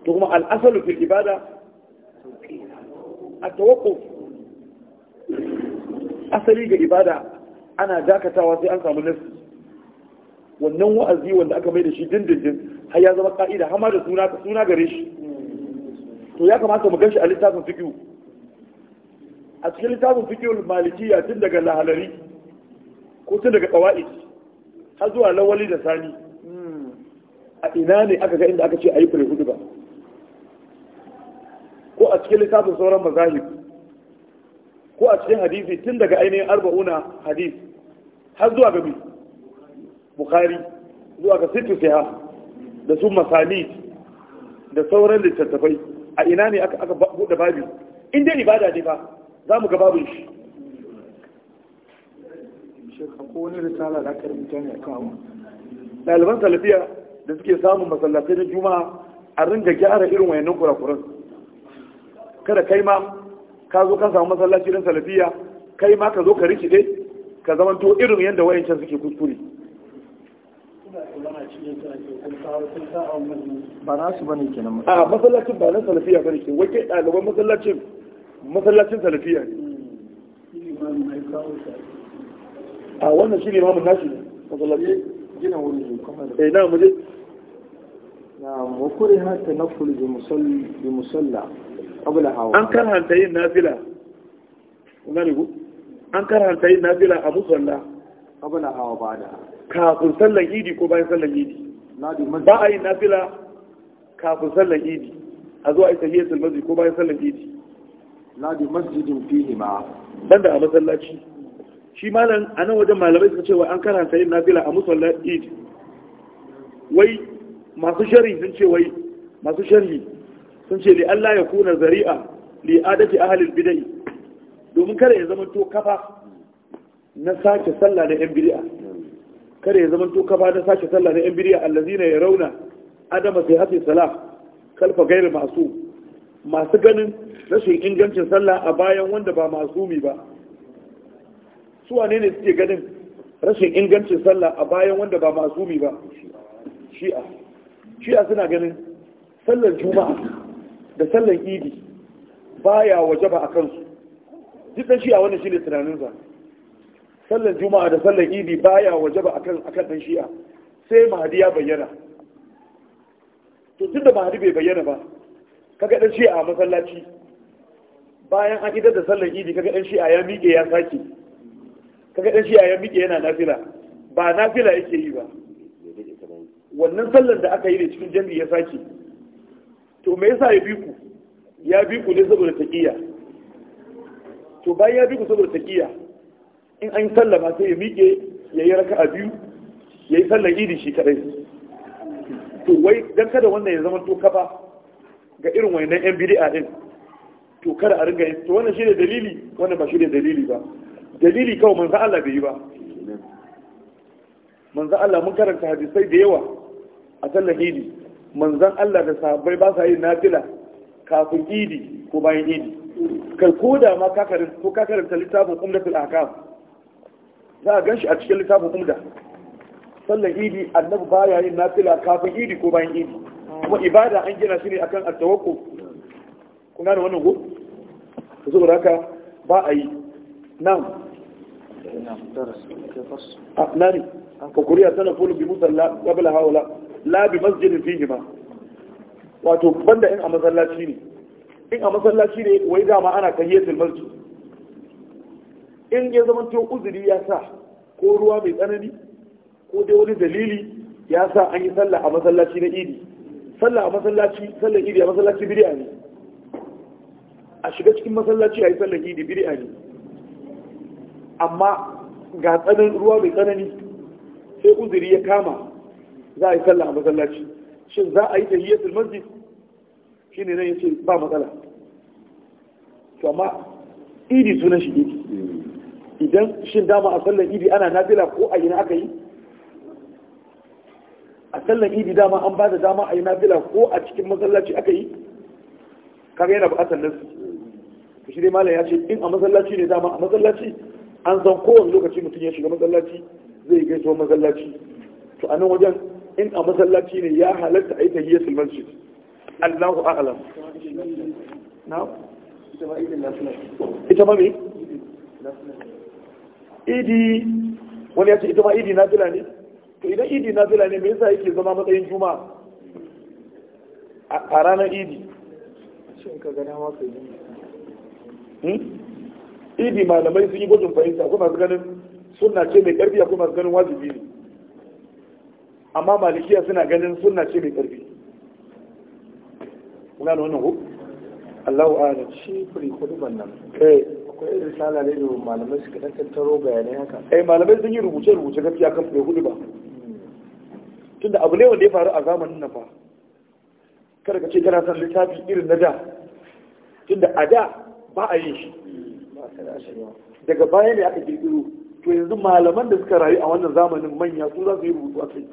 to kuma al'asalu ba ibada a tawakkuf asali ga ibada ana dakatawa sai an samu nasi wannan wa'azi wanda aka mai da shi dindindin har ya zama ka'ida hama da suna suna gare shi to ya kamata mu gashi a littafin fiqh a cikin littafin fiqh malikiya tun daga lahalari ko tun daga qawaid har zuwa lawali da sani a ina ne aka ga inda aka ce ayi fil hudba ko a cikin littafin sauran mazahib ko a cikin hadisi tun daga ainihin arba'una hadis har zuwa gabi bukari zuwa ga situ siha da su masani da sauran littattafai a ina ne aka buɗe babi in dai ibada ne ba za mu ga babu shi ɗaliban salafiya da suke samun masallatai na juma'a a ringa gyara irin wayannan kurakuran kada kai ma ka zo ka samu masallaci na salafiya kai ma ka zo ka rikide ka zama to irin yadda wayancan suke kuskure ba na su bane kenan a masallacin ba na salafiya bane ke wake ɗaliban masallacin masallacin salafiya ne a wannan shi ne mamun nashi ne masallacin gina wani zuwa eh, na muje na mukuri hata na fulu bi musalla an karhanta yin nafila an karhanta yin nafila a musalla qabla hawa kafin sallan idi ko bayan sallan idi ba a yin nafila kafin sallan idi a zo a yi sulmazi ko bayan sallan idi la bi masjidin fihi ma banda a masallaci shi malam a nan wajen malamai suka cewa an karanta yin nafila a musalla idi wai masu sharhi sun ce wai masu sharhi sun ce li Allah ya kuna zari'a li adati ahlil bid'ah domin kada ya zama to kafa na sake sallah na yan bid'a kada ya zama to kafa na sake sallah na yan bid'a allazina yarawna adama sai hafi salah kalfa gairi masu masu ganin rashin ingancin sallah a bayan wanda ba masumi ba su wane ne suke ganin rashin ingancin sallah a bayan wanda ba masumi ba shi'a shi'a suna ganin sallar juma'a da sallan idi baya ba a kansu duk dan shi'a wannan shine tunaninsa sallan juma'a da sallan idi baya wajaba akan akan dan shi'a sai mahadi ya bayyana to tun da mahadi bai bayyana ba kaga dan shi'a a masallaci bayan an idar da sallan idi kaga dan shi'a ya miƙe ya sake kaga dan shi'a ya miƙe yana nafila ba nafila yake yi ba wannan sallan da aka yi ne cikin jami'i ya sake to me yasa ya bi ku ya bi ku ne saboda taqiya to bayan ya bi ku saboda taqiya in an sallama sai ya miƙe ya yi raka'a biyu ya yi sallar idi shi kadai to wai dan kada wannan ya zama to kafa ga irin wayannan yan bid'a din to kada a ringa to wannan shine dalili wannan ba shine dalili ba dalili kawai manzo Allah bai yi ba manzo Allah mun karanta hadisai da yawa a sallar idi manzan Allah da sahabbai ba sa yin nafila kafin idi ko bayan idi kai ko da ma ka karanta ko ka karanta littafin umdatul ahkam za a ganshi a cikin littafin umda sallan idi annabi baya yin nafila kafin idi ko bayan idi kuma ibada an gina shi ne akan at-tawakkul kun gane wannan ko to saboda haka ba a yi nan na'am darasi ke fasu a ah, nani ka kuriya sana fulu bi musalla qabla haula labi masjidin fi ma wato banda in a masallaci ne in a masallaci ne wai dama ana kayyatul masjid in ya zama to uzuri ya sa ko ruwa mai tsanani ko dai wani dalili ya sa an yi sallah a masallaci na idi sallah a masallaci sallah idi a masallaci bid'a ne a shiga cikin masallaci a yi idi bid'a ne amma ga tsanan ruwa mai tsanani sai uzuri ya kama za a yi sallah a masallaci shin za a yi ta tahiyyatul masjid ne nan ce ba matsala to amma idi sunan shi idi idan shin dama a sallar idi ana nafila ko a ina aka yi a sallar idi dama an ba da dama a yi nafila ko a cikin masallaci aka yi kaga yana buƙatar nasu to shi dai malam ya ce in a masallaci ne dama a masallaci an san kowane lokaci mutum ya shiga masallaci zai gaisuwa masallaci to a nan wajen in a masallaci ne ya halatta a yi tahiyyatul masjid Allahu a'lam na ita ma me idi wani ya ce ita ma idi nafila ne to idan idi nafila ne me yasa yake zama matsayin juma'a a ranar idi hmm? idi malamai sun yi gwajin fahimta kuma su ganin suna ce mai karfi kuma su ganin wajibi ne amma malikiya suna ganin sunna ce mai karfi kuna da wannan hukum Allahu a'lam shi kuri kuduban nan kai eh. akwai irin sala ne da malamai suka ɗan tattaro bayanai haka eh malamai sun yi rubuce rubuce gaskiya kan furi ba, tunda abu ne wanda ya faru a zamanin nan fa kada ka ce kana son littafi irin na da tunda a da ba a yi shi daga baya ne aka kirkiro to yanzu malaman da suka rayu a wannan zamanin manya su za su yi rubutu a kai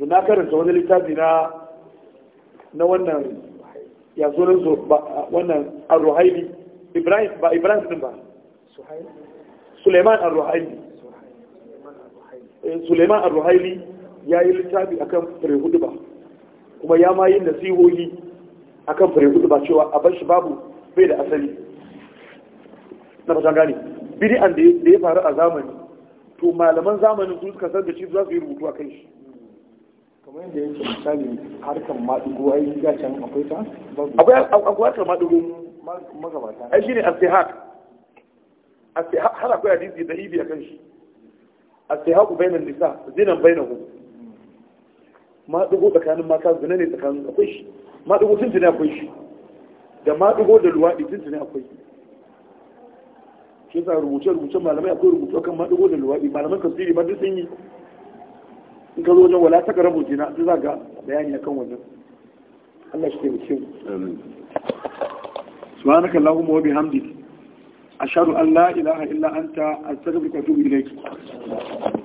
to na karanta wani littafi na na wannan ya zo nan zo wannan ar-ruhaili ibrahim ba ibrahim din ba suleiman ar-ruhaili eh, suleiman ar ya yi littafi akan fure hudu ba kuma ya ma yi nasihohi akan fure hudu ba cewa a bar shi babu bai da asali na fatan gane bid'an da ya faru a zamani to malaman zamanin su suka san da shi za su yi rubutu a kai shi kamar yadda yake misali harkar maɗugo ai ga can akwai ta akwai akwai harkar maɗugo magabata ai shine astihaq astihaq har akwai hadisi da ibi akan shi astihaq bainan nisa zinan bainahum maɗugo tsakanin mata zina ne tsakanin akwai shi maɗugo tuntuni akwai shi da maɗugo da luwaɗi tuntuni akwai shi yasa rubuce rubucen malamai akwai rubuce kan maɗugo da luwaɗi malaman tafsiri ma duk sun yi in ka zo wajen wala ta karabu jina duk za ga bayani akan wannan Allah shi taimake mu amin subhanaka allahumma wa bihamdika ashhadu an la ilaha illa anta astaghfiruka wa atubu ilayk